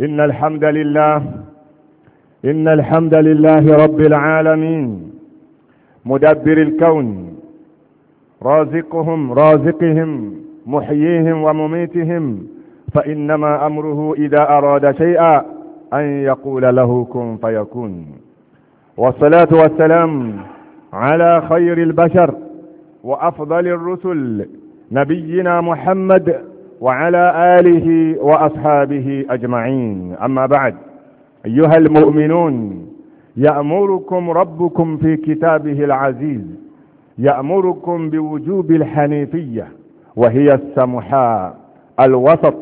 إن الحمد لله إن الحمد لله رب العالمين مدبر الكون رازقهم رازقهم محييهم ومميتهم فإنما أمره إذا أراد شيئا أن يقول له كن فيكون والصلاة والسلام على خير البشر وأفضل الرسل نبينا محمد وعلى آله وأصحابه أجمعين أما بعد أيها المؤمنون يأمركم ربكم في كتابه العزيز يأمركم بوجوب الحنيفية وهي السمحاء الوسط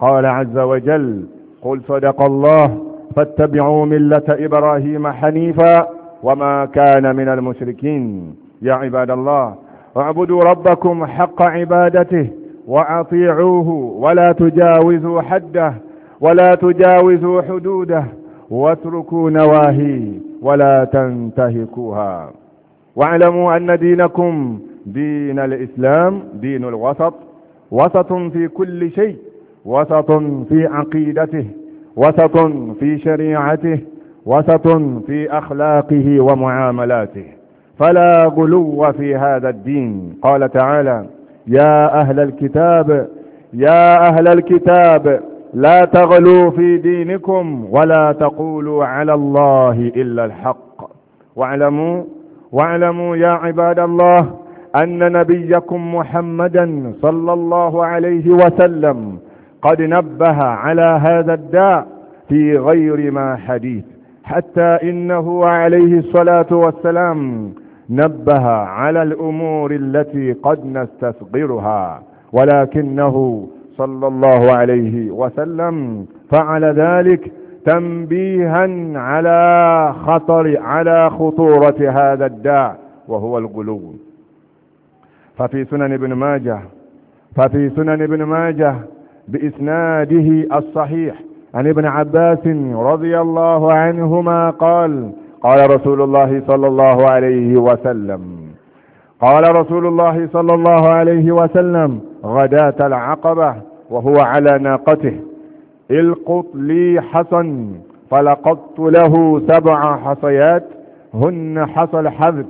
قال عز وجل قل صدق الله فاتبعوا ملة إبراهيم حنيفا وما كان من المشركين يا عباد الله اعبدوا ربكم حق عبادته وأطيعوه ولا تجاوزوا حده ولا تجاوزوا حدوده واتركوا نواهيه ولا تنتهكوها واعلموا أن دينكم دين الإسلام دين الوسط وسط في كل شيء وسط في عقيدته وسط في شريعته وسط في أخلاقه ومعاملاته فلا غلو في هذا الدين قال تعالى يا أهل الكتاب يا أهل الكتاب لا تغلوا في دينكم ولا تقولوا على الله إلا الحق واعلموا واعلموا يا عباد الله أن نبيكم محمدا صلى الله عليه وسلم قد نبه على هذا الداء في غير ما حديث حتى إنه عليه الصلاة والسلام نبه على الأمور التي قد نستصغرها ولكنه صلى الله عليه وسلم فعل ذلك تنبيها على خطر على خطورة هذا الداع وهو الغلو ففي سنن ابن ماجه ففي سنن ابن ماجه بإسناده الصحيح عن ابن عباس رضي الله عنهما قال قال رسول الله صلى الله عليه وسلم قال رسول الله صلى الله عليه وسلم غداة العقبة وهو على ناقته القط لي حصا فلقطت له سبع حصيات هن حصى الحذف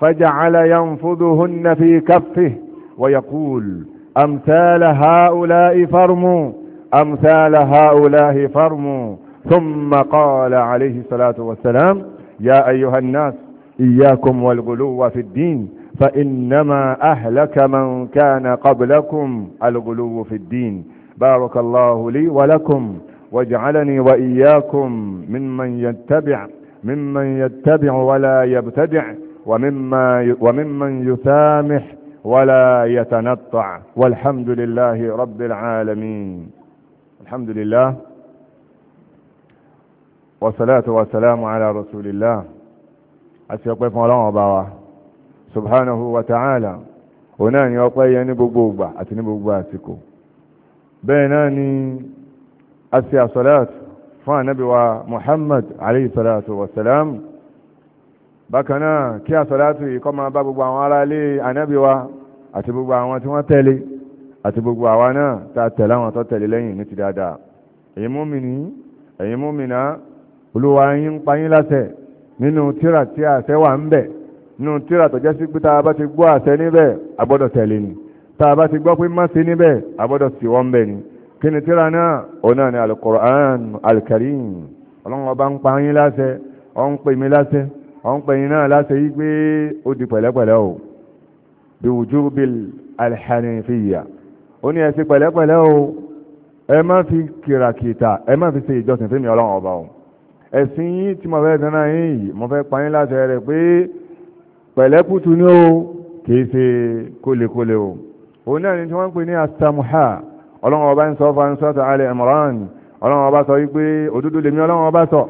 فجعل ينفذهن في كفه ويقول أمثال هؤلاء فرموا أمثال هؤلاء فرموا ثم قال عليه الصلاة والسلام يا أيها الناس إياكم والغلو في الدين فإنما أهلك من كان قبلكم الغلو في الدين بارك الله لي ولكم واجعلني وإياكم ممن يتبع ممن يتبع ولا يبتدع ومما وممن يسامح ولا يتنطع والحمد لله رب العالمين الحمد لله wasalatu wasalamu ala rasulillah àti ọpẹ́ fún Ọlọ́run ọba wa subhanahu wa ta'ala òun náà ni ọpẹ́ yẹ ní gbogbo ìgbà àti ní gbogbo àsìkò bẹ́ẹ̀ náà ni a ṣe àsọ̀láàtù fún ànábì wa muhammad alayhi salatu wasalam bákan náà kí àsọ̀láàtù yìí kó máa bá gbogbo àwọn ará ilé ànábì àti gbogbo àwọn tí wọ́n tẹ̀lé àti gbogbo àwa náà tá a tẹ̀lé àwọn tó tẹ̀lé lẹ́yìn ní ti dáadáa èyí múmi ní èyí múmi náà olúwa yín pa yín láṣẹ nínú tíra tí àṣẹ wà ń bẹ nínú tíra tó jẹ́ sí pé tá a bá ti gbọ́ àṣẹ níbẹ̀ àgbọ́dọ̀ tẹ̀lé ni tá a bá ti gbọ́ pé má sí níbẹ̀ àgbọ́dọ̀ sì wọ́n bẹ̀ ni kí ni tíra náà òun náà ni alukur'an alkarim ọlọ́run ọba ń pa yín láṣẹ ọ ń pè mí láṣẹ ọ ń pè yín náà láṣẹ yí pé ó di pẹ̀lẹ́pẹ̀lẹ́ o bí wujubil alhanifiyya ó ní ẹ ṣe pẹ̀lẹ́pẹ̀lẹ́ o ẹ má fi kìràkìtà ẹ má fi ṣe ìjọsìn fún mi ọlọ́run ọba o ẹ̀sìn yín tí mo fẹ́ dáná yín yìí mo fẹ́ pa yín láti rẹ̀ pé pẹ̀lẹ́kùtù ni ó kìí ṣe kólekóle o òun náà ni tí wọ́n ń pè ní asamuha ọlọ́run ọba ń sọ fún sọ́tà alẹ́ imran ọlọ́run ọba sọ wípé òdodo lèmi ọlọ́run ọba sọ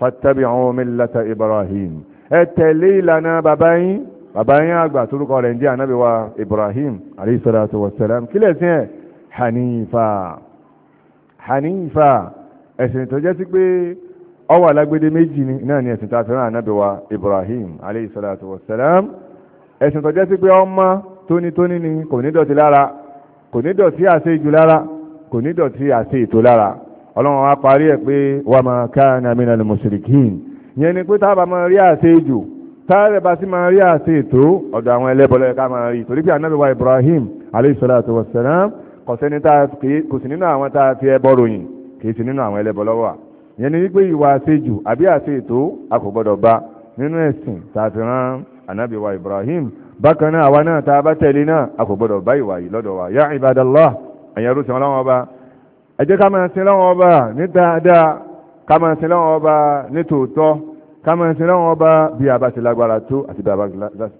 fattabi'u millata ibrahim ẹ tẹ̀lé ìlànà bàbá yín bàbá yín àgbà torúkọ rẹ̀ ń jẹ́ ànábì ibrahim alayhi salatu ọwọ́ alágbédé méjì náà ni ẹ̀sìn tàbí rán ànábì Ibrahim alayhi salatu wa salam ẹ̀sìn tó jẹ́ sí pé ọmọ tónítóní ni kò ní dọ̀tí lára kò ní dọ̀tí àṣẹ ìjù lára kò ní dọ̀tí àṣẹ ètò lára ọlọ́run wa parí ẹ̀ pé wa ma kana minal mushrikin yẹn ni pé tábà máa rí àṣẹ ìjù táàrẹ̀ bá sí máa rí àṣẹ ètò ọ̀dọ̀ àwọn ẹlẹ́bọ̀lẹ́ ká máa rí torí pé ànábì Ibrahim alayhi salatu wa salam kò sí nínú àwọn tá a fi ẹbọ ròyìn kì í sí nínú àwọn ẹlẹ́bọ̀lọ́wọ́ yẹn ni wípé ìwà àṣejù àbí àṣe ètò a kò gbọdọ̀ bá nínú ẹ̀sìn tààfihàn ànábì Ibrahim bákan náà àwa náà tá a bá tẹ̀lé náà a kò gbọdọ̀ bá ìwà yìí lọ́dọ̀ wa ya ibadallah ẹ̀yẹ rú sin ọlọ́wọ́n ọba ẹ jẹ́ ká máa sin lọ́wọ́n ọba ní dáadáa ká máa sin lọ́wọ́n ọba ní tòótọ́ ká máa sin lọ́wọ́n ọba bí a bá ti lágbára tó àti bí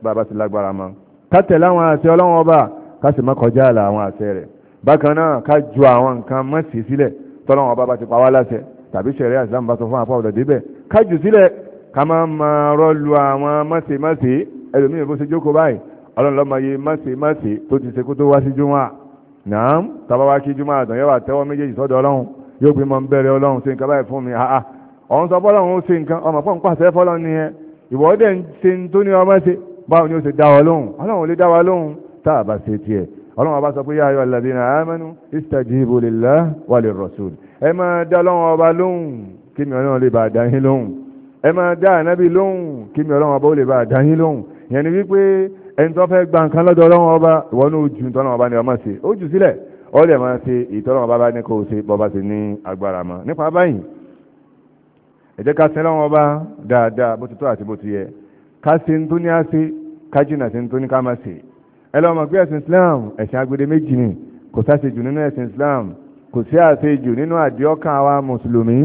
a bá ti lágbára mọ́ ká tẹ̀lé àwọn àṣẹ ọlọ́wọ́n ọba ká sì má kọjá àlà àwọn àṣẹ rẹ̀ bákan náà ká ju àwọn nǹkan mọ́sí sílẹ̀ tọ́lọ́wọ́n ọba bá ti pa wá láṣẹ tàbí sẹ̀rẹ́ àìsàn bá sọ fún apá ọ̀dọ̀ débẹ̀ kájù sílẹ̀ ká máa máa rọ́lu àwọn mọ̀sẹ̀mọ̀sẹ̀ ẹlòmíì bó ṣe jókòó báyìí ọlọ́run lọ́mọ yìí mọ̀sẹ̀mọ̀sẹ̀ tó ti ṣe kó tó wá sí júmọ́ náà tàbá wá kí júmọ́ àdàn yóò wà tẹ́wọ́ méjèèjì sọ́dọ̀ ọlọ́run yóò gbé mọ́ bẹ̀rẹ̀ ọlọ́run ṣe nǹkan báyìí fún mi àá ọ̀hún sọ fọlọ́run ó ṣe nǹkan ọmọ pọ́n pàṣẹ fọlọ́run ni ẹ ìwọ́dẹ̀ ń ṣe tó ní ọmọ ṣe báwo ni ó ṣe dá wa lóhùn ọlọ́run ò lè dá wa lóhùn tá a bá ṣe tiẹ̀ ọlọ́run ọba sọ pé yáyọ alladhina amanu istajibu lillah wa lirrasul ẹ máa dá ọlọ́run ọba lóhùn kí mi ọlọ́run lè bá dá yín lóhùn ẹ máa dá ànábì lóhùn kí mi ọlọ́run ọba ó lè bá dá yín lóhùn ìyẹn ni wípé ẹni tó fẹ́ gba nǹkan lọ́dọ̀ ọlọ́run ọba ìwọ ní ojú tọ́lọ́run ọba ni ọmọ ṣe ó jù sílẹ̀ ó lè máa ṣe ìtọ́lọ́run ọba bá ní kó o ṣe ẹlọ́mọ̀ pé ẹ̀sìn Islam ẹ̀sìn agbede méjì ni kò sáṣejù nínú ẹ̀sìn Islam kò sí àṣejù nínú àdìọ́kàn àwa mùsùlùmí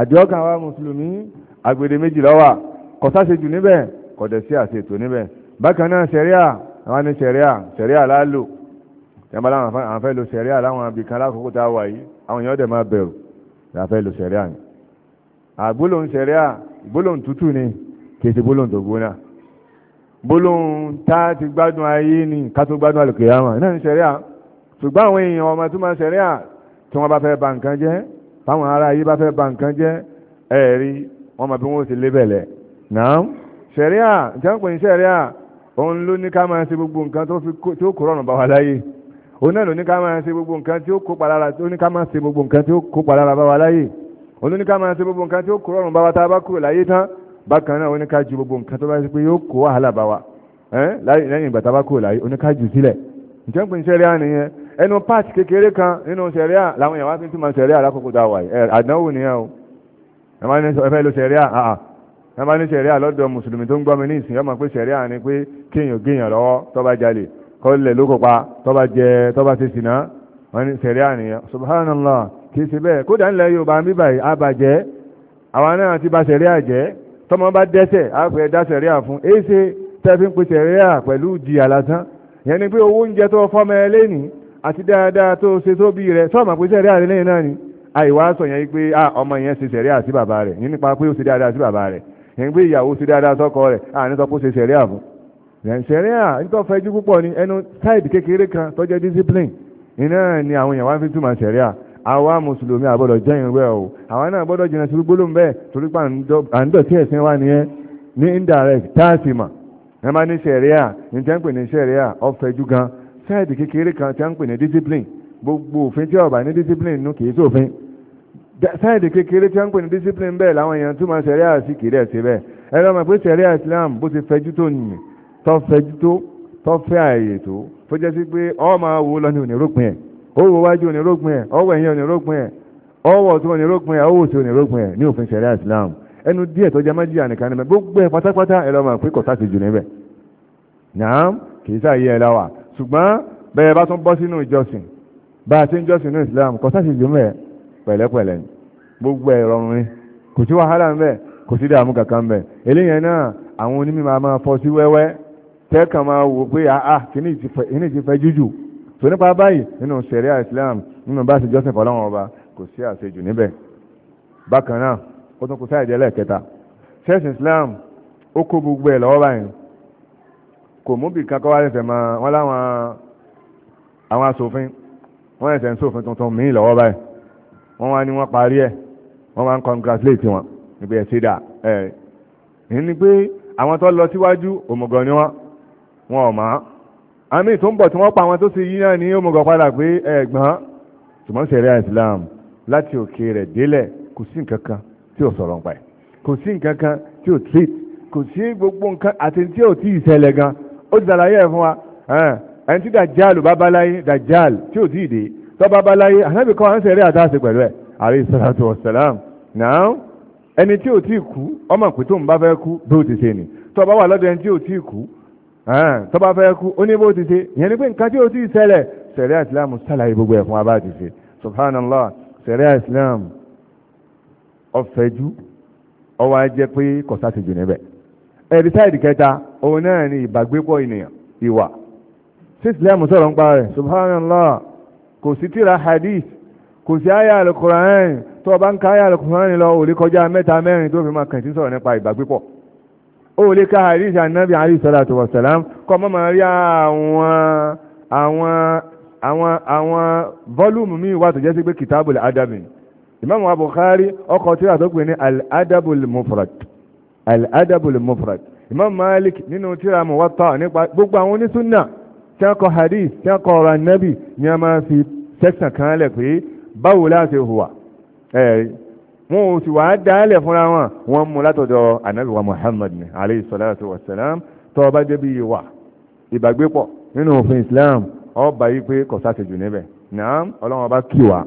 àdìọ́kàn àwa mùsùlùmí agbede méjì ló wà kò sáṣejù níbẹ̀ kò dẹ̀ sí àṣetò níbẹ̀ bákan náà ṣẹ̀ríà àwọn ní ṣẹ̀ríà ṣẹ̀ríà lálò tẹ́mbà láwọn àfẹ́ lo ṣẹ̀ríà láwọn abìkan lákòókò tá a wà yìí àwọn èèyàn dẹ̀ máa bẹ̀rù láfẹ́ lo ṣẹ̀ríà ni àgbólóhùn ṣẹ̀ríà gbólóhùn tútù ni kì í ṣe gbólóhùn tó gbóná bólóhùn tá a ti gbádùn ayé ní ká tó gbádùn àlùkìyàmà náà ní sẹ̀ríà ṣùgbọ́n àwọn èèyàn ọmọ tó máa sẹ̀ríà tí wọ́n bá fẹ́ ba nǹkan jẹ́ táwọn ará ayé bá fẹ́ ba nǹkan jẹ́ ẹ̀rí wọ́n máa bí wọ́n ti lé bẹ̀lẹ̀ náà sẹ̀ríà ìjọba pè ní sẹ̀ríà òun ló ní ká máa ṣe gbogbo nǹkan tí ó kó rọrùn bá wa láyé òun náà ló ní ká máa ṣe gbogbo nǹkan tí ó kó palára tó ní ká máa ṣe gbogbo nǹkan tí ó kó palára bá wa láyé òun ló ní ká máa ṣe gbogbo nǹkan tí ó kó rọrùn bá wa tá a bá kúrò láyé tán bákan náà oníkájú gbogbo nǹkan tó bá ṣe pé yóò kó wàhálà bá wa lẹ́yìn ìgbà tábà kúrò láyé oníkájú sílẹ̀ ǹjẹ́ ń pè ní sẹ́ríà nìyẹn ẹnu páàtì kékeré kan nínú sẹ́ríà làwọn èèyàn wá fi ń túmọ̀ sẹ́ríà lákòókò tá a wà yìí àdánwò nìyẹn o ẹ máa ní ẹ fẹ́ lo sẹ́ríà àà ẹ máa ní sẹ́ríà lọ́dọ̀ mùsùlùmí tó ń gbọ́ mi ní ìsìn ọmọ pé ni pé kéèyàn géèyàn lọ́wọ́ tó bá jalè kọ́ lẹ̀ ló kópa tó bá jẹ tó subhanallah kì í ṣe bẹ́ẹ̀ kódà ńlẹ̀ Yorùbá ń bíbà yìí àbàjẹ́ àwa náà ti bà sẹ́ríà jẹ́ tọmọ bá dẹ́sẹ̀ àpẹ dáṣẹ̀ rí àfún èsè tẹ́fín pèsè rí à pẹ̀lú ìjìyà lásán yẹn ni pé owó oúnjẹ tó fọ́mọ ẹ lẹ́nìí àti dáadáa tó ṣe tó bí rẹ sọ́ọ̀mà pèsè rí àrẹ́lẹ́yìn náà ni àìwá sọ yẹn pé ah, ọmọ yẹn ṣe ṣẹ̀rí àti bàbá rẹ̀ yẹn nípa pé ó ṣe dáadáa sí bàbá rẹ̀ yẹn pé ìyàwó ṣe dáadáa sọ́kọ rẹ̀ àní sọ pé ó ṣe ṣẹ̀rí àfún yẹn ṣẹ̀rí à nítorí fẹjú púpọ̀ ni ẹnu táìdì kékeré kan tó jẹ́ discipline iná ni àwọn èèyàn wá fi túmọ̀ ṣẹ̀rí à àwa mùsùlùmí àbọ̀dọ̀ jẹ́ ìrẹ́ o àwa náà gbọ́dọ̀ jìnà sí gbólóhùn bẹ́ẹ̀ torí pa àǹdọ̀tí ẹ̀sìn wa nìyẹn ní indirect táàsì mà ẹ máa ní sẹ̀ríà ní tẹ́ ń pè ní sẹ̀ríà ọ̀fẹ́jú gan sẹ́ẹ̀dì kékeré kan tẹ́ ń pè ní discipline gbogbo òfin tí ó bá ní discipline nù kìí sófin sẹ́ẹ̀dì kékeré tẹ́ ń pè ní discipline bẹ́ẹ̀ làwọn èèyàn túmọ̀ sẹ̀ríà sí kìí dẹ̀ bẹ́ẹ̀ ẹ lọ́mọ pé sẹ̀ríà Islam bó ti fẹjú tó nìyẹn tó tó tó àyè tó tó jẹ́ sí pé ó máa wò lọ́nà òní rúpin ẹ̀ owó wájú onírógbìn ẹ̀ ọwọ́ ẹ̀yìn ọ ẹ̀ ọwọ́ ọ̀tún onírógbìn ẹ̀ ọwọ́ òsì onírógbìn ẹ̀ ní òfin ṣẹ̀ríà Islam ẹnu díẹ̀ tó jẹ́ májíyà nìkan níbẹ̀ gbogbo ẹ̀ pátápátá ẹ̀ lọ́mọ pé kò sáà ti jù níbẹ̀ nàám kìí sáàyè ẹ̀ láwà ṣùgbọ́n bẹ́ẹ̀ bá tún bọ́ sínú ìjọsìn bá a ti ń jọsìn ní Islam kò sáà ti jù níbẹ̀ pẹ̀lẹ́pẹ̀lẹ́ gbogbo ẹ̀ rọrùn ni kò tó nípa báyìí nínú sẹ̀ríà Islam nínú bá ṣe jọ́sìn fọlọ́wọ́n ọba kò sí àṣejù níbẹ̀ bákan náà ó tún kó sáà ìdí ẹlẹ́ẹ̀kẹta sẹ́ẹ̀sì Islam ó kó gbogbo ẹ̀ lọ́wọ́ báyìí kò mú bì kankan wá lẹ́sẹ̀ máa wọ́n láwọn àwọn asòfin wọ́n lẹ́sẹ̀ ń sòfin tuntun míì lọ́wọ́ báyìí wọ́n wá ní wọ́n parí ẹ̀ wọ́n wá ń congratulate wọn níbi ẹ̀ ṣe dà ẹ̀ ní pé àwọn tó lọ síwájú òmùgọ̀ ni wọ́n wọn ò máa àmì tó ń bọ̀ tí wọ́n pa àwọn tó ti yíyan ní òmùgọ̀ padà pé ẹ̀gbọ́n ṣùgbọ́n sẹ̀ríà Islam láti òkè rẹ̀ délẹ̀ kò sí nǹkan kan tí ò sọ̀rọ̀ nípa ẹ̀ kò sí nǹkan kan tí ò treat kò sí gbogbo nǹkan àti tí ò tí ì ṣẹlẹ̀ gan ó ti ṣàlàyé ẹ̀ fún wa ẹni tí dàjáàlù bá báláyé dàjáàl tí ò tí ì dé tó bá báláyé ànábì kan à ń sẹ̀ríà tá pẹ̀lú ẹ̀ àrí sàlátù wàsálàm náà ẹni tí ò tí ì kú ọmọ pé bá fẹ́ kú bí ó ti ṣe nì tó bá wà lọ́dọ̀ ẹni tí ò tí ì kú tó bá fẹ́ kú ó ní bó ti ṣe ìyẹn ni pé nǹkan tí ó ti ṣẹlẹ̀ sẹ̀ríà islam sàlàyé gbogbo ẹ̀ fún wa bá ti ṣe subhanallah sẹ̀ríà islam ọ̀fẹ́jú ọwọ́ ajẹ́ pé kọ̀sá ti jù níbẹ̀ ẹ̀rí sáìdì kẹta òun náà ni ìbàgbépọ̀ ènìyàn ìwà sí islam sọ̀rọ̀ ń pa rẹ̀ subhanallah kò sí tíra hadith kò sí àyà alukur'an tó o bá ń ka àyà alukur'an lọ òrí kọjá mẹ́ta mẹ́rin tó fi máa kàn sí sọ̀rọ̀ nípa ìbàgbépọ̀ ó lè ka hadith anabi alayhi salatu wa salam kọ́ mọ́ máa rí àwọn àwọn àwọn àwọn volume mi wà tó jẹ́ sí pé kitabul adabi imam wa bukhari ọkọ̀ tí a tó pè ní al-adabul mufrad al-adabul mufrad imam malik nínú tírà muwatta nípa gbogbo àwọn onísúnnà tí wọ́n kọ hadith tí wọ́n kọ ọ̀rọ̀ anabi ni a máa fi sẹ́sàn kan lẹ̀ pé báwo láti hùwà wọn ò sì wàá dálẹ̀ fúnra wọn wọn mú látọ̀dọ̀ anabi wa muhammad ni alayhi salatu wa salam tó bá débi ìwà ìbàgbépọ̀ nínú òfin islam ọba yìí pé kò sáṣejù níbẹ̀ náà ọlọ́run ọba kì wá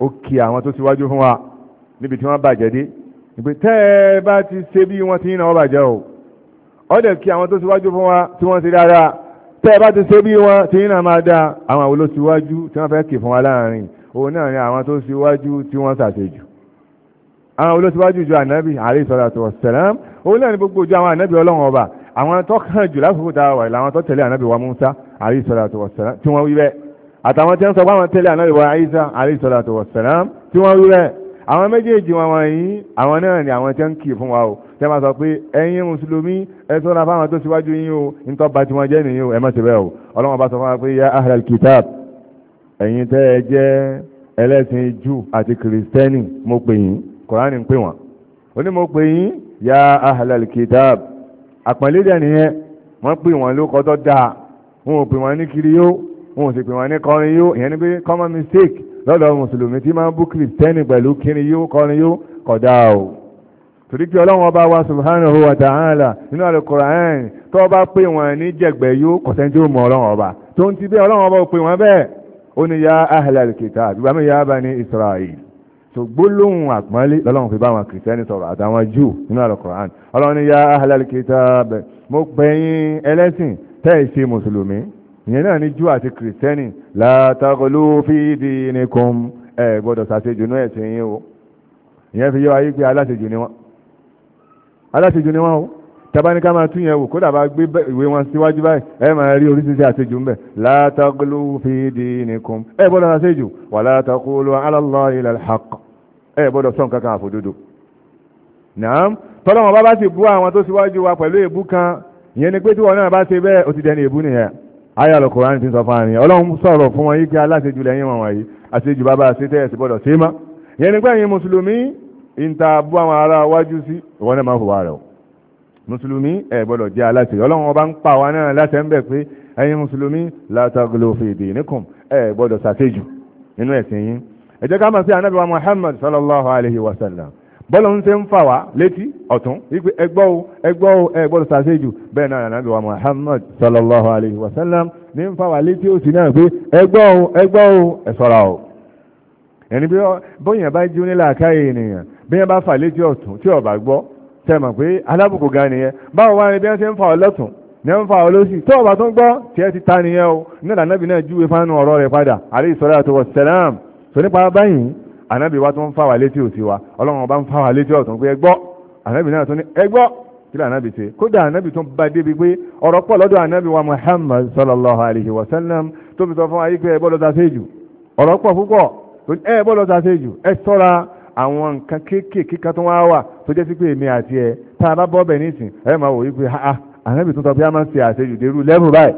ó kì àwọn tó síwájú fún wa níbi tí wọ́n bàjẹ́ dé ìpè tẹ́ ẹ bá ti ṣe bí wọ́n ti ń náà bàjẹ́ o ọ̀dẹ̀ kí àwọn tó síwájú fún wa tí wọ́n ti dáadáa tẹ́ ẹ bá ti ṣe bí wọ́n ti ń náà máa dáa àwọn àwọn tó àwọn olóṣèwájú ìjọ ànábì àrí ìsọ̀rọ̀ wọ̀sẹ̀lẹ́m òun náà ni gbogbo ìjọ àwọn ànábì ọlọ́run ọba àwọn tó kàn jù lásìkò tá a wà láwọn tó tẹ̀lé ànábì wa Musa àrí ìsọ̀rọ̀ wọ̀sẹ̀lẹ́m tí wọ́n wí bẹ́ẹ̀ àtàwọn tí wọ́n sọ pé àwọn tẹ̀lé ànábì wa Isa àrí ìsọ̀rọ̀ wọ̀sẹ̀lẹ́m tí wọ́n wí bẹ́ẹ̀ àwọn méjèèjì wọn wọ̀nyí àwọn náà ni àwọn tí wọ́n kì í fún wa o tí wọ́n sọ pé ẹ̀yin mùsùlùmí ẹ ṣọ́ra fáwọn tó síwájú yín o nítọ́ bá tiwọn jẹ́ nìyí o ẹ má ṣe bẹ́ẹ̀ o ọlọ́wọ́n bá sọ fún wa pé ya ahlal kitab ẹ̀yin tẹ́ ẹ jẹ́ ẹlẹ́sìn jù àti kìrìsìtẹ́nì mo pè yín Kùránì ń pè wọ́n ó ní mo pè yín ya ahlal kitab àpọ̀nlé dẹ̀ nìyẹn wọ́n pè wọ́n lókọ́ tó dáa wọn ò pè wọ́n ní kiri yó wọn ò sì pè wọ́n ní kọrin yó ìyẹn ni pé common mistake lọ́dọ̀ mùsùlùmí tí máa ń bú kìrìtẹ́nì pẹ̀lú kiri yó kọrin yó kódà o torí pé ọlọ́run ọba wa subhanahu wa ta'ala nínú Al-Qur'an tó bá pè wọ́n ní jẹ̀gbẹ́ yó kọ̀sẹ́ni ó mọ ọlọ́run ọba tó ń ti bẹ́ẹ̀ ọlọ́run ọba ò pè wọ́n bẹ́ẹ̀ ó ní ya ahlal kitab àdúgbàmí ya Israel so gbólóhùn àpọ́nlé lọ́lọ́run fi bá àwọn kìrìtẹ́nì sọ̀rọ̀ àtàwọn júù nínú àlùkùránì ọlọ́run ní ya ahlal kitab mo pè yín ẹlẹ́sìn tẹ́ ì ṣe mùsùlùmí ìyẹn náà ní júù àti kìrìtẹ́nì la taghlu fi dinikum ẹ gbọ́dọ̀ ṣàṣejù ní ẹ̀sìn yín o ìyẹn fi yọ ayé pé aláṣejù ni wọ́n aláṣejù ni wọ́n o tabaníká máa tún yẹn wò kódà bá gbé ìwé wọn síwájú báyìí ẹ máa rí oríṣiríṣi àṣejù ń bẹ látàkùlù fìdí nìkan ẹ gbọ́dọ̀ àṣejù wà látàkùlù alálọ́ ilẹ̀ hàk ẹ gbọ́dọ̀ sọ̀n kankan àfòdodo. nàám tọ́lọ́mọ bá bá sì bú àwọn tó síwájú wa pẹ̀lú èébú kan ìyẹn ni pé tí wọn náà bá ṣe bẹ́ẹ̀ ó ti dẹni èébú nìyẹn ayé alukóran ti sọ fún àárín ọlọ́run sọ̀rọ̀ fún wọn yìí kí aláṣejù lẹ́yìn wọn wọ̀nyí àṣejù bàbá àṣetẹ́ ẹ̀sìn gbọ́dọ̀ ṣe é má ìyẹn ni pé ẹ̀yin mùsùlùmí ìta bú àwọn ará wájú sí ìwọ náà máa hùwà rẹ̀ o mùsùlùmí ẹ gbọ́dọ̀ jẹ́ aláṣẹ ọlọ́run ọba ń pa wa náà láṣẹ ń bẹ̀ pé ẹ̀yin mùsùlùmí látàgùlò fèdè nìkan ẹ gbọ́dọ̀ ṣàṣejù nínú ẹ̀sìn yín ẹ jẹ́ ká mọ̀ sí anábìwá Muhammad sallallahu alayhi wa sallam bọ́lọ̀ ń ṣe ń fà wá létí ọ̀tún wípé ẹgbọ́ o ẹgbọ́ o ẹ gbọ́dọ̀ bẹ́ẹ̀ náà anábìwá Muhammad sallallahu alayhi wa sallam ní ń fà wá létí òsì náà pé ẹgbọ́ o ẹgbọ́ o ẹ ṣọ́ra o ẹni bí bóyá bá jí onílà ó bá gbọ́ tẹ́mọ̀ pé alábùkù gan nìyẹn báwo wá ní bí wọ́n ṣe ń fa ọlọ́tún ní wọ́n ń fa ọlọ́sì tó ọba tó ń gbọ́ tiẹ̀ ti ta nìyẹn o ní ìlànà bí náà júwe fánú ọ̀rọ̀ rẹ̀ padà àlẹ́ ìsọ̀rọ̀ àti wọ̀ sẹ́lám tó nípa báyìí ànábì wa tó ń fa wà létí òsì wa ọlọ́run ọba ń fa wà létí ọ̀tún pé ẹ gbọ́ ànábì náà tó ní ẹ gbọ́ kí lànábì ṣe kódà ànábì tó ń ba débi pé ọ̀rọ̀ pọ̀ lọ́dọ̀ ànábì wa Muhammad sallallahu alayhi wa sallam tó fi sọ fún wa yí pé ẹ bọ́ lọ́ta séjù ọ̀rọ̀ pọ̀ púpọ̀ ẹ bọ́ lọ́ta àwọn nǹkan kéékèèké kan tó wá wà tó jẹ́ sí pé èmi àti ẹ̀ tá a bá bọ́ bẹ̀ nísìn ẹ máa wò wípé ha ah, ah, ànábì tó sọ pé a máa ń ṣe àṣejù dérú lẹ́rù báyìí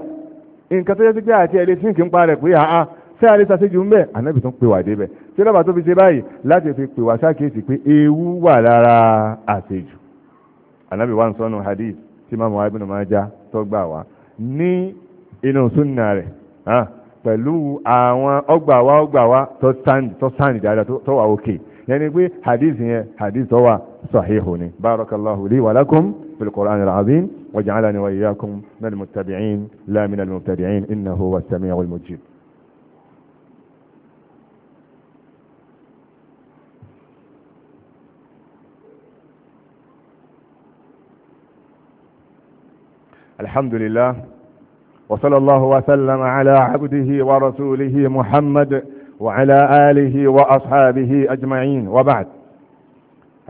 nǹkan tó jẹ́ sí pé àti ẹ̀ lè sìnkì ń parẹ̀ pé ha ah, ṣé a lè ṣàṣejù ń bẹ̀ ànábì tó ń pè wá débẹ̀ ṣé lọ́ba tó fi ṣe báyìí láti fi pè wá ṣàkíyèsí pé ewu wà lára àṣejù ànábì wa ń sọnù hadith tí máa mọ̀ ibùdó máa já tó gbà wá ní inú súnà rẹ̀ pẹ̀lú àwọn ọgbà wa ọgbà wa tó sáǹdì dáadáa tó wà òkè يعني بي حديث هي حديث هو صحيح بارك الله لي ولكم في القرآن العظيم وجعلني وإياكم من المتبعين لا من المبتدعين إنه هو السميع المجيب الحمد لله وصلى الله وسلم على عبده ورسوله محمد وعلى آله وأصحابه أجمعين وبعد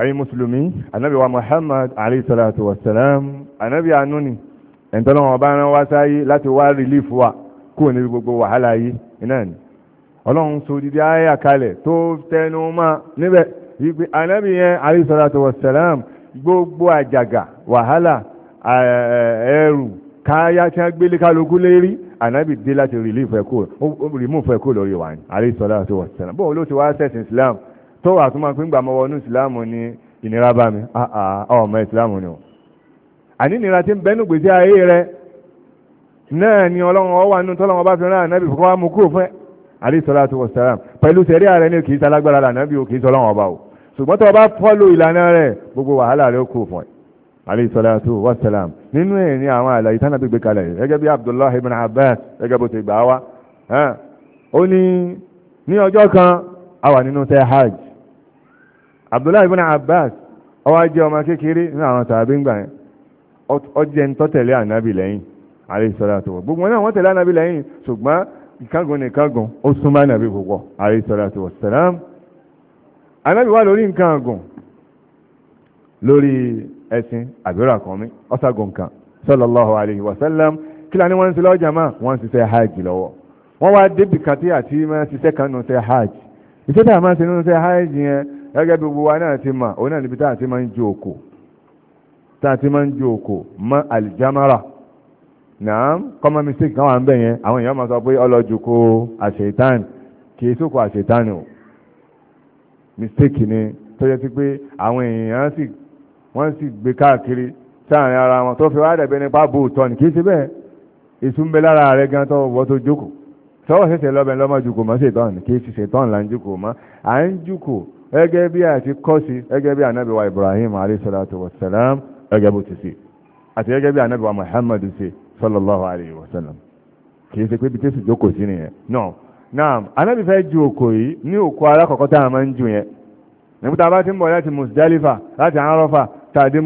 أي مسلمين النبي ومحمد عليه الصلاة والسلام النبي عنوني ẹni tọ́lọ́wọ́n ọba rán wá sáyé láti wá relief wa kúrò níbi gbogbo wàhálà yìí iná ni ọlọ́run so dídí ayé àkàlẹ̀ tó tẹnu mọ́ níbẹ̀ wípé anábì yẹn alayhi salatu wassalam gbogbo àjàgà wàhálà ẹ̀rù káyá tí wọ́n gbélé kálukú lérí ànábì dé láti relief ẹ̀ kó remove ẹ̀ kó lórí wa ni alayhi salatu wa salam bóun ló ti wá sẹ̀sìn islam tó wà tún máa fi ń gbà mọ́wọ́ ní islam ní ìnira bá mi ọmọ islam ni o àní ìnira ti ń bẹ́nu gbèsè ayé rẹ náà ni ọlọ́run ọwọ́ àánú tọ́lọ́run ọba fi rán ànábì fún wa mú kúrò fún ẹ alayhi salatu wa salam pẹ̀lú sẹ̀rí ààrẹ ni kì í salágbára lànàbì o kì í sọlọ́run ọba o ṣùgbọ́n tó o bá fọ́lù ìlànà rẹ salatu wa nínú ẹ̀ ní àwọn àlàyé tánà tó gbé kalẹ̀ gẹ́gẹ́ bí Abdullahi ibn Abbas gẹ́gẹ́ bó ti gbà wá ó ní ní ọjọ́ kan a wà nínú tẹ́ hajj Abdullahi ibn Abbas ó wá jẹ́ ọmọ kékeré ní àwọn tàbí ń gbà yẹn ó jẹ́ ń tọ́tẹ̀lé ànábì lẹ́yìn alayhi salatu wa gbogbo náà wọ́n tẹ̀lé ànábì lẹ́yìn ṣùgbọ́n ìkángun nìkángun ó súnmọ́ ànábì púpọ̀ alayhi salatu wa salam ànábì wà lórí nǹkan àgùn lórí ẹṣin àbúrò àkànmí ọ̀ṣàgùn kan sallallahu alayhi wa sallam kí la ní wọ́n ń ṣe lọ́jà máa wọ́n ń ṣiṣẹ́ hajj lọ́wọ́ wọ́n wá débi kan tí àti máa ṣiṣẹ́ kan nù ṣe hajj iṣẹ́ tá a máa ṣe nù ṣe hajj yẹn gẹ́gẹ́ bí gbogbo wa náà ti mà òun náà níbi tá a ti máa ń ju òkò tá a ti máa ń ju òkò mọ́ àlìjámárà náà kọ́mọ mistake kan wà ń bẹ̀ yẹn àwọn èèyàn máa sọ pé ọlọ́jú kó àṣetán kì í sókò àṣetán o mistake ni tó yẹ sí pé àwọn èèyàn sì wọ́n sì gbé káàkiri sáàrin ara wọn tó fi wá dàbí nípa bò tọ́ ní kìí ṣe bẹ́ẹ̀ èso ń bẹ lára rẹ gan tó wọ́ tó jókòó tọ́wọ́ ṣẹ̀ṣẹ̀ lọ́bẹ̀ lọ́mọ jùkò mọ́ ṣètọ́n kìí ṣe ṣètọ́n là ń jùkò mọ́ à ń jùkò gẹ́gẹ́ bí àti kọ́sí gẹ́gẹ́ bí ànábì wa Ibrahim alayhi salatu wa salam gẹ́gẹ́ bó ti ṣe àti gẹ́gẹ́ bí ànábì wa Muhammad ṣe sallallahu alayhi wa sallam kìí ṣe pé bí tẹ́sí jókòó sí nìyẹn náà náà ànábì fẹ́ ju òkò yìí ní òkò alákọ̀ọ́kọ́ tá a máa tá a dé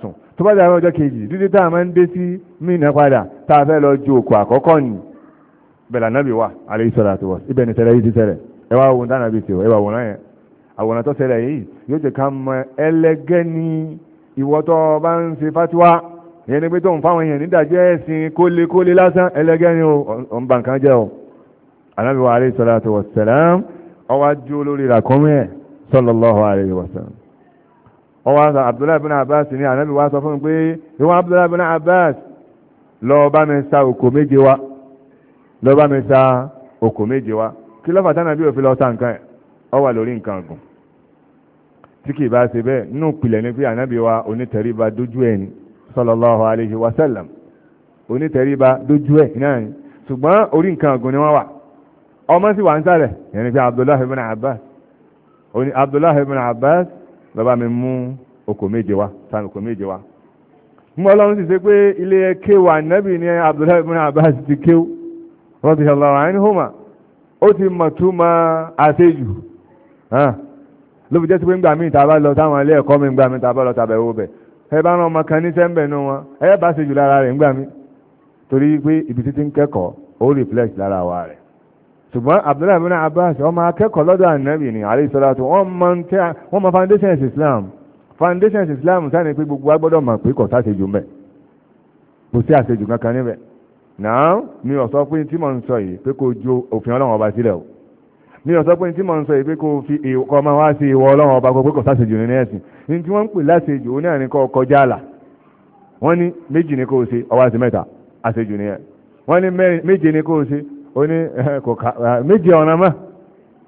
sùn tó bá dàrú ọjọ́ kejì dídí tá a máa ń dé sí padà tá a fẹ́ lọ ju òkú àkọ́kọ́ ni bẹ̀rẹ̀ ànábì wà ibẹ̀ ni tẹ̀lé yìí ti tẹ̀lẹ̀ ẹ wá wo dáná bíi tiwọ̀ ẹ wá náà yẹn àwòrán tó yìí yóò ti ká mọ ẹlẹ́gẹ́ ni ìwọ bá ń fatiwa ìyẹn ni pé tó ń fáwọn èèyàn nídàjọ́ ẹ̀sìn lásán o ànábì wa ọwájú olórí ràkúnmí ẹ̀ ọwọ́ sọ abdullahi bin abbas ní ànábì wa sọ fún mi pé ìwọ abdullahi bin abbas lọ bá mi sa òkò méje wá lọ bá mi sa òkò méje wá kí lọ́fà tánà bí òfin lọ sa nǹkan ẹ̀ ọ wà lórí nǹkan ọ̀gùn tí kì í bá ṣe bẹ́ẹ̀ nínú ìpìlẹ̀ ni pé ànábì wa onítẹ̀ríba dójú ẹ̀ ni sallallahu alaihi wa sallam onítẹ̀ríba dójú ẹ̀ náà ni ṣùgbọ́n orí nǹkan ọ̀gùn ni wọ́n wà ọmọ sì wà ń sálẹ̀ yẹn ni pé abdullahi bin abbas bàbá mi mú okò méje wá tani okò méje wá mú ọlọ́run sì ṣe pé ilé kéwù ànábì ní abdullahi ibn abbas ti kéwù radiyallahu anhuma ó ti mọ̀ tó máa àṣejù ló fi jẹ́ sí pé ńgbà míì tá a bá lọ táwọn ilé ẹ̀kọ́ mi ńgbà míì tá a bá lọ tàbẹ̀ owó bẹ̀ ẹ bá rán ọmọ kan ní sẹ́ńbẹ̀ nù wọn ẹ bá ṣe jù lára rẹ̀ ńgbà míì torí pé ibi títí ń kẹ́kọ̀ọ́ ó reflect lára wa rẹ̀ ṣùgbọ́n abdullahi bin abbas ọmọ akẹ́kọ̀ọ́ lọ́dọ̀ ànábì ni àríṣọ́látò wọ́n mọ foundations islam foundations islam sáni pé gbogbo agbọ́dọ̀ mọ̀ pé kò sáṣejù mẹ́ kò sí àṣejù kankan níbẹ̀ náà mi ò sọ pé tí mò ń sọ yìí pé kò ju òfin ọlọ́run ọba sílẹ̀ o mi ò sọ pé tí mò ń sọ yìí pé kò fi ìkọ́ ọmọ wá sí ìwọ ọlọ́run ọba kò pé kò sáṣejù nínú ẹ̀sìn ní tí wọ́n ń pè ni kò ṣe ọwọ́ àti mẹ́ta àṣejù nìyẹn wọ́n ni kò ṣe ó ní eh, eh, méje ọ̀nà mọ́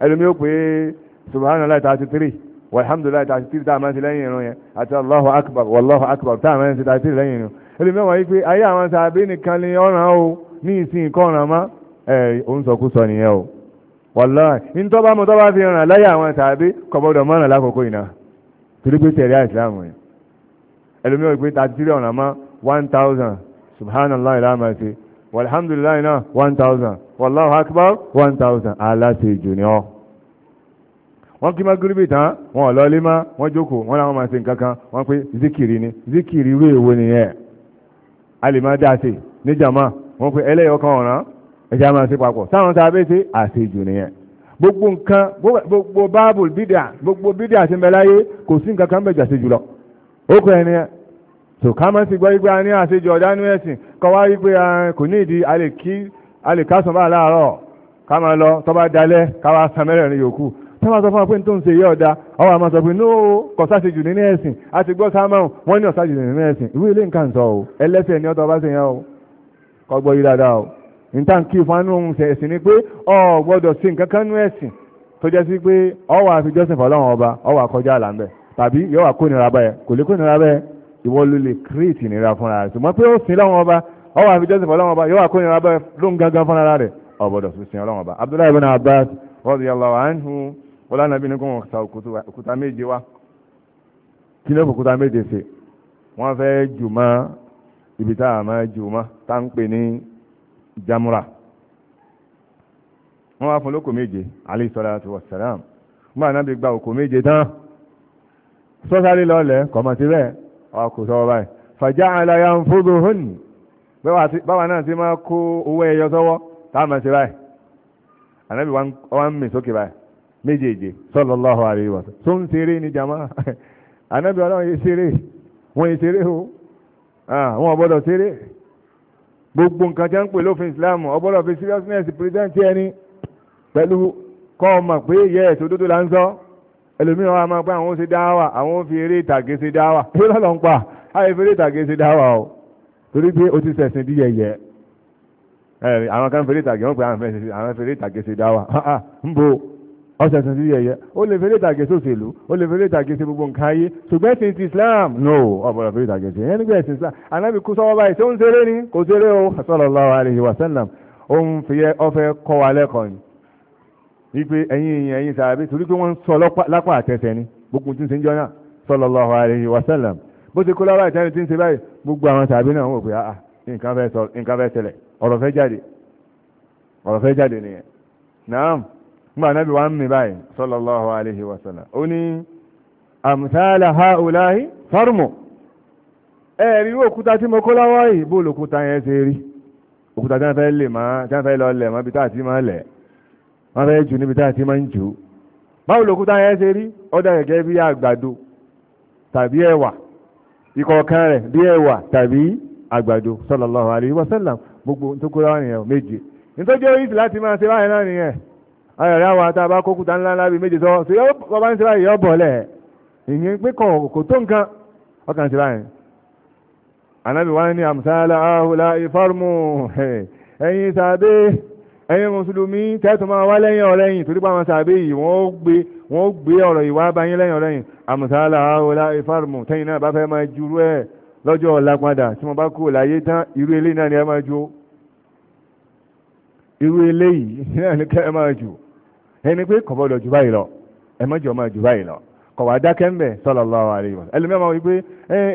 ẹlòmí ó pé subhanallah thirty three walhamdulilayi thirty three tá a máa ń ṣe lẹ́yìn irun yẹn àti allahu akbar wallahu akbar tá a máa ń ṣe thirty three lẹ́yìn irun ẹlòmí ó wáyé pé ayé àwọn sàbí nìkan ni ọ̀ràn o ní ìsìn nǹkan ọ̀ràn mọ́ ẹ̀ òun sọ kú sọ nìyẹn o wàláì ní tọ́ba mọ́ tọ́ba fi ràn láyé àwọn sàbí kọ̀bọ̀dọ̀ mọ́ràn lákòókò ìná torí pé tẹ̀rí àìsílámù yẹn ẹlòmí ó pé thirty three ọ̀ràn mọ́ one thousand subhanallah ilá máa ṣe walhamdulilayi náà one thousand wallahu akbar one thousand aláṣejù ni ọ́ wọ́n kí magiribi tán wọ́n lọ lé má wọ́n jókòó wọ́n làwọn máa ṣe nǹkan kan wọ́n pé zikiri ni zikiri irú èwo nìyẹn a lè má dá sí níjàmá wọ́n pé ẹlẹ́yọ̀ kan ọ̀ràn ẹ̀jẹ̀ máa ṣe papọ̀ táwọn tá a bẹ́ ṣe àṣejù nìyẹn gbogbo nǹkan gbogbo báàbù bídà gbogbo bídà ti ń bẹ láyé kò sí nǹkan kan bẹ̀ jà sí jùlọ ó kọ ẹni ẹ so ká má sì gbọ́ wípé a ní àṣejù ọ̀dánú ẹ̀sìn kọ́ wá wípé kò ní ìdí a lè kí a lè ká sùn bá láàárọ̀ ká máa lọ tó bá dalẹ̀ ká wá san mẹ́rẹ̀ẹ̀rin yòókù tó máa sọ fún wa pé tó ń ṣe yé ọ̀dà ọwọ́ àmọ́ sọ pé nóò kò sáṣejù nínú ẹ̀sìn a gbọ́ sámọ́ọ̀n wọ́n ní ọ̀sáṣejù nínú ẹ̀sìn ìwé ilé nǹkan sọ o ẹlẹ́sẹ̀ ni ọ̀tọ̀ bá ṣe yẹn o kò gbọ́ yí dáadáa o níta kí fún ohun ẹ̀sìn ni pé o gbọ́dọ̀ ṣe nǹkan kan nú ẹ̀sìn tó jẹ́ sí pé ọwọ́ àfijọ́sìn fọlọ́run ọba ọwọ́ àkọjá àlà ń bẹ̀ tàbí yóò wà kó nira bẹ́ẹ̀ kò lè kó nira bẹ́ẹ̀ ìwọ ló lè create ìnira fúnra rẹ̀ ṣùgbọ́n pé ó sin láwọn ọba ọwọ́ àfi jọ́sìn fọlọ́wọ́n ọba yóò àkóyìn abẹ́ lóun gangan fún ara rẹ̀ ọ̀bọ̀dọ̀ sísìn ọlọ́wọ́n ọba Abdullahi ibn Abbas radiyallahu anhu ọlọ́nàbí ní kó wọn sa òkúta méje wá kí ló fòkúta méje ṣe wọ́n fẹ́ jù mọ́ ibi tá a máa jù tá ń pè ní jamura wọ́n wá fún lóko méje alayhi salatu wassalam mọ́ ànábì gba òkò méje tán sọ́sáré lọ́lẹ̀ kọ̀mọ̀tì bẹ́ẹ̀ ọkọ̀ sọ́wọ́ báyìí fàjá àlàyé àǹfóso báwa náà ti máa kó owó ẹyọ sọ́wọ́ táwọn máa ṣe báyìí ànábì wa ń mì sókè báyìí méjèèjì sallallahu alaihi wasallam tó ń ṣeré ní jama ànábì ọlọ́run yìí ṣeré wọ́n yìí ṣeré o wọ́n ọ̀bọ̀dọ̀ ṣeré gbogbo nǹkan tí wọ́n ń pè lófin Islam ọ̀bọ̀dọ̀ fi seriousness present ẹni pẹ̀lú kọ́ ọmọ pé yes òdodo là ń sọ ẹlòmíràn wa máa pé àwọn ó ṣe dáwà àwọn ó fi eré ìtàgé ṣe dáwà tó lọ́lọ́ ń pa àyè fi eré ìtàgé ṣe dáwà o torí pé o ti sẹ̀sìn di yẹ̀yẹ́ àwọn kan fèrè ìtàgé wọn pé àwọn fèrè ìtàgé ṣe dá wa ń bo ọsẹ sẹ̀sìn di yẹ̀yẹ́ o lè fèrè ìtàgé sòṣèlú o lè fèrè ìtàgé ṣe gbogbo nǹkan ayé ṣùgbọ́n ẹ̀sìn ti Islam no ọ̀bọ̀dọ̀ fèrè ìtàgé ṣe yẹn nígbà ẹ̀sìn Islam anábì kú sọ́wọ́ báyìí ṣé ó ń ṣeré ni kò ṣeré o sallallahu alaihi wasallam ó ń fi ọfẹ́ kọ́ wa lẹ́kọ̀ọ́ ni wípé ẹ̀yin èèyàn ẹ̀yin sàbẹ̀ torí pé wọ́n ń sọ alaihi wasallam bó ti kó lára ìtẹ́ni tí ń ṣe gbogbo àwọn tàbí náà wò pé àà ah, ah, nǹkan fẹ́ ṣẹlẹ̀ ọ̀rọ̀ fẹ́ jáde ọ̀rọ̀ fẹ́ jáde nìyẹn naam nígbà anábì wa mi báyìí sallallahu alaihi wa sallam ó ní ha òláhì fárùmù ẹ̀rí òkúta tí mo kó lọ́wọ́ yìí bó lòkúta yẹn ṣe rí òkúta tí wọ́n fẹ́ lè máa tí wọ́n fẹ́ lọ lẹ̀ mọ́ ibi tá àti máa lẹ̀ wọ́n fẹ́ jù níbi máa ń jù báwo ìkọ̀ọ̀kan rẹ̀ bí ẹ̀wà tàbí àgbàdo sallallahu alaihi wasallam gbogbo tó kóra wà nìyẹn méje nítorí jẹ́ oríṣi láti máa ṣe báyìí náà nìyẹn ayọ̀ rẹ̀ àwọn àtàbà kókúta ńlá ńlá bíi méje sọ ṣe yọ bọ́ bá ń ṣe báyìí yọ bọ̀ ìyẹn pé kàn kò tó nǹkan ọkàn ṣe báyìí anábì wá ní àmsálà ìfọ́rùmù ẹ̀yìn sàbẹ́ ẹ̀yin mùsùlùmí tẹ́tù máa wá lẹ́yìn ọ̀rẹ́yìn torí pàmò sàbí yìí wọ́n gbé wọ́n gbé ọ̀rọ̀ ìwà báyìí lẹ́yìn ọ̀rẹ́yìn àmùsàlà ọ̀la ìfàrùmù tẹ́yìn náà bá fẹ́ máa jurú ẹ̀ lọ́jọ́ ọ̀la padà tí mo bá kú láyé tán irú eléyìí náà ni ẹ máa jó irú eléyìí náà ni ẹ máa jù ẹni pé kò gbọdọ̀ jù báyìí lọ ẹ má jọ máa jù báyìí lọ kọ̀ wá dákẹ́ ń bẹ̀ sallallahu alaihi ẹlòmíràn máa wí pé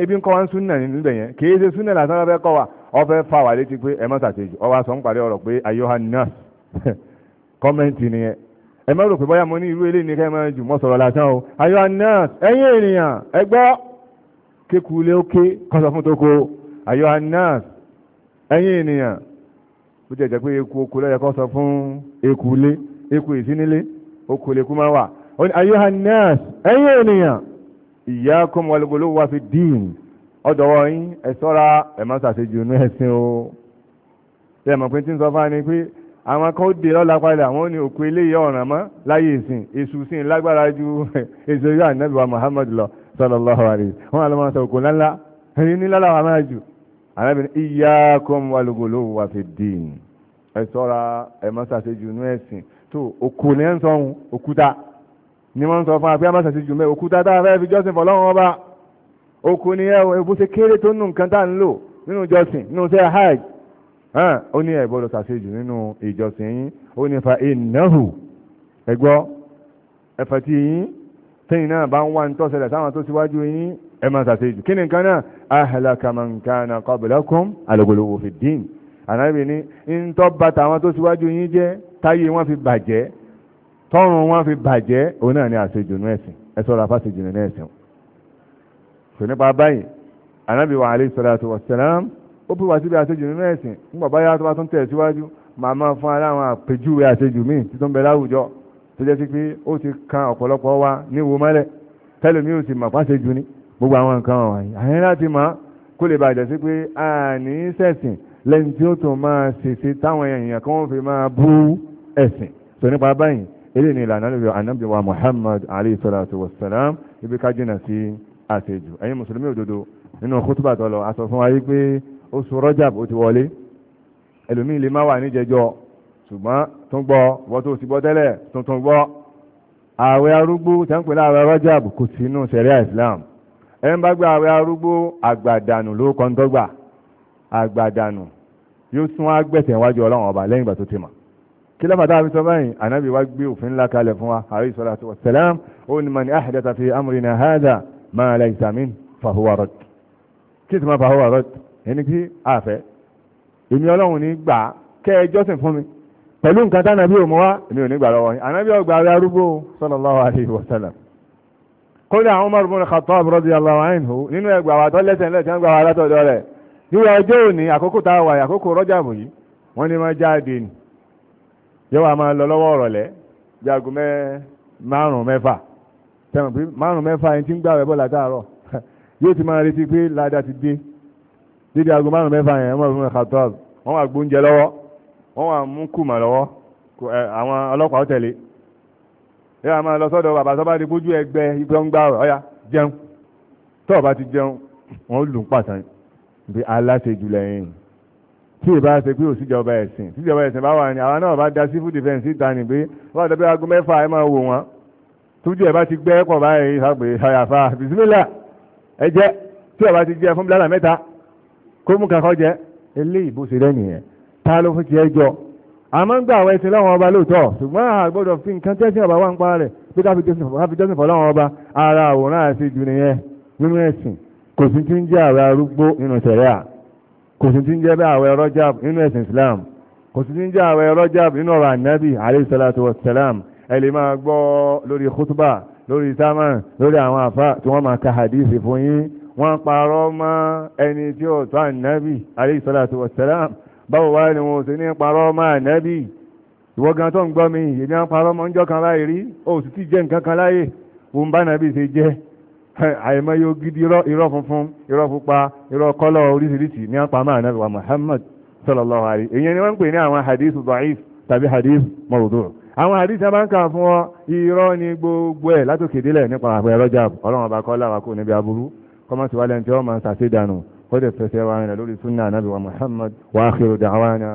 ebi ń kọ́ wá ń súnà níbẹ̀ yẹn kì í ṣe súnà làtàn bẹ́ẹ̀ kọ́ wà ọfẹ́ fà wà létí pé ẹ má ṣàṣejù ọwọ́ aṣọ ń parí ọ̀rọ̀ pé ayohanas kọ́mẹ́ǹtì nìyẹn ẹ má rò pé bóyá mo ní irú eléyìí ní ká ẹ má jù mọ́ sọ̀rọ̀ lásán o ayohanas ẹ̀yin ènìyàn ẹ gbọ́ kékulé ókè kọ́sọ̀ fún tóko ayohanas ẹ̀yin ènìyàn ó jẹ́ jẹ́ pé eku oko lọ́yẹ kọ́sọ̀ fún ekulé eku ìsínilé oko lè kú máa wà ayohanas ẹ̀yin ènìyàn ìyá kọ́mọlẹ́gbọ́ló wá fi dín ọdọ̀wọ́ yín ẹ ṣọ́ra ẹ má ṣàṣejù inú ẹ̀sìn o ṣe mọ̀ pé tí ń sọ fún ni pé àwọn kan ó dé lọ́la padà wọ́n ní òkú eléyìí ọ̀ràn mọ́ láyé ìsìn èṣù sí lágbára ju èṣù yóò ànábì Muhammad lọ sallallahu alaihi wọn àlọ́ máa sọ òkú ńláńlá ẹ̀yìn ní lálàwà máa jù arábìnrin iyyakum wal ghuluw wa fid din ẹ ṣọ́ra ẹ má ṣàṣejù inú ẹ̀sìn tó òkú ní ẹ̀ ń sọ òkúta ni wọ́n ń sọ fún wa pé ẹ má ṣàṣejù mẹ́ òkúta tá a fẹ́ fi jọ́sìn fọlọ́run ọba òkú ni ẹ bó ṣe kéré tó nù nǹkan tá à ń lò nínú ìjọsìn nínú iṣẹ́ hajj ó ní ẹ gbọ́dọ̀ ṣàṣejù nínú ìjọsìn yín ó ní fa ìnáhù ẹgbọ́ ẹ̀fẹ̀ tí yín tẹ́yìn náà bá ń wá ń tọ́sẹ̀lẹ̀ sáwọn tó síwájú yín ẹ máa ṣàṣejù kí ni nǹkan náà ahlaka man kana qablakum al-ghuluw fi ddin ànábì ní ń tọ́ bá tàwọn tó síwájú yín jẹ́ táyé wọn fi bàjẹ́ tọ́run wọn fi bàjẹ́ òun náà ni àṣejù nú ẹ̀sìn ẹ ṣọ́ra sọ nípa báyìí anábì wa alayhi salatu wa salam ó pè wá síbi àṣejù nínú ẹ̀sìn nígbà báyà tó bá tún tẹ̀ síwájú màá máa fún ara àwọn àpèjúwe àṣejù míì títún bẹ láwùjọ tó jẹ́ sí pé ó ti kan ọ̀pọ̀lọpọ̀ wa níwo mọ́lẹ̀ tẹ́lẹ̀ mi ò sì mà fáṣejù ni gbogbo àwọn nǹkan wọ̀nyí àyẹn láti mọ̀ kó lè bàjẹ́ sí pé àní sẹ̀sìn lẹ́yìn tí ó tún máa ṣèṣe táwọn èèyàn kan fi máa bú ẹ̀sìn sọ nípa báyìí eléyìí ni ìlànà lórí ànábì Muhammad alayhi salatu wa salam ibi ká jìnnà sí àṣejù ẹ̀yin mùsùlùmí òdodo nínú kútùbà tó lọ a sọ fún wa yí pé oṣù Rajab ó ti wọlé ẹlòmíì lè má wà níjẹjọ ṣùgbọ́n tún gbọ́ wọ́n tó ti gbọ́ tẹ́lẹ̀ tuntun gbọ́ ààwẹ̀ arúgbó tẹ́ǹpẹ́ láàwẹ̀ Rajab kò sí inú sẹ̀ríà Islam ẹ̀ ń bá gba ààwẹ̀ arúgbó àgbàdànù ló kọ́ ń tọ́gbà àgbàdànù yóò sún agbẹ̀tẹ̀ wájú ọlọ́run ọba lẹ́yìn ìgbà ti mọ̀ kí lọ́pàá táwọn sọ báyìí ànábì wá gbé òfin ńlá kalẹ̀ fún wa alayhi salatu wassalam ó ní man ahdatha fi amrina hadha ما ليس min فهو rad kí ما فهو fahuwa rad ẹni عافى a fẹ́ èmi ọlọ́run ní gbà kẹ́ ẹ jọ́sìn fún mi pẹ̀lú nǹkan tá ànábì òmù wá èmi ò ní gbà lọ́wọ́ yín ànábì ọgbà rẹ arúgbó sallallahu alayhi wa sallam kódà àwọn Umar ibn Khattab radiyallahu anhu nínú ẹgbà wà tó lẹ́sẹ̀ lẹ́sẹ̀ ń gbà wà látọ̀dọ̀ rẹ̀ níwọ̀ ọjọ́ òní àkókò tá a wà àkókò Rajabu yìí wọ́n ní máa jáde nì yóò wá máa lọ lọ́wọ́ ọ̀rọ̀lẹ́ bí aago márùn-ún mẹ́fà sẹ́wọ̀n pé márùn mẹ́fà ẹni tí ń gbàwẹ̀ bọ̀ látàárọ̀ yóò ti máa retí pé ládàá ti dé dídí aago márùn mẹ́fà yẹn wọ́n fún ẹ̀ka tó wọ́n wà gbóúnjẹ lọ́wọ́ wọ́n wà mú kùmà lọ́wọ́ àwọn ọlọ́pàá tẹ̀lé ẹ wà máa lọ sọ́dọ̀ bàbá tó bá di bójú ẹgbẹ́ ibẹ̀ ń gbàwẹ̀ ọ̀yà jẹun tó o bá ti jẹun wọ́n lù ń pàtàn bí aláṣejù lẹ́yìn tí ìbá ṣe pé òsíjọba ẹ̀sìn tíjọba ẹ̀sìn bá wà ní àwọn náà bá da sífù dìfẹ́ǹsì ìta nìgbé wọ́n àtọ́bí aago mẹ́fà ẹ máa wò wọ́n tójú ẹ̀ bá ti gbẹ́ pọ̀ báyìí sàgbè ṣàyàfà bisimilá ẹ jẹ́ tí ẹ̀ bá ti jẹ́ fún bílálà mẹ́ta kó mú kankan jẹ́ eléyìí bó ṣe lẹ́yìn yẹn ta ló fún ti ẹ jọ àmọ́ ń gbà àwọn ẹsẹ̀ láwọn ọba lóòótọ́ ṣùgbọ́n àgbọ́dọ̀ fi nǹkan tẹ́sí ọba wá ń pa rẹ̀ pé ká fi jọ́sìn fọ́ láwọn ọba ara àwòrán àti ìjù nìyẹn nínú ẹ̀sìn kò sí ti ń jẹ́ àwẹ̀ arúgbó nínú sẹ̀ríà kò sí ti ń jẹ́ bẹ́ àwẹ̀ rọ́jàb nínú ẹ̀sìn Islam kò sí ti ń jẹ́ àwẹ̀ rọ́jàb nínú ọ̀rọ̀ ànábì alayhi salatu wa salam ẹ lè máa gbọ́ lórí khutba lórí támán lórí àwọn àfa tí wọ́n máa ka hadisi fún yín wọ́n parọ́ mọ́ ẹni tí ó tọ́ ànábì alayhi salatu wassalam báwo wá ni wọn ò sí ní parọ́ mọ́ ànábì ìwọ gan tó ń gbọ́ mi èmi à ń parọ́ mọ́ ńjọ́ kan láì rí ó sì ti jẹ́ nǹkan kan láyè òun bá nàbì ṣe jẹ́ àìmọ́ yóò gidi irọ́ funfun irọ́ pupa irọ́ kọ́lọ̀ oríṣiríṣi ní àpamọ́ ànábì wa Muhammad sallallahu alayhi èyí ni wọ́n ń pè ní àwọn hadith àwọn àdìsá bá ń kà fún ọ irọ́ ni gbogbo ẹ̀ látòkè nípa àpẹẹrẹ Rajab ọlọ́run ọba kọ́ láwa kò níbi aburú kọ́mọ́sí wálé ẹni máa ń ṣàṣedànù ó dẹ̀ fẹsẹ̀ wa rìn lórí sunna anabi wa Muhammad wa akhiru da'wana.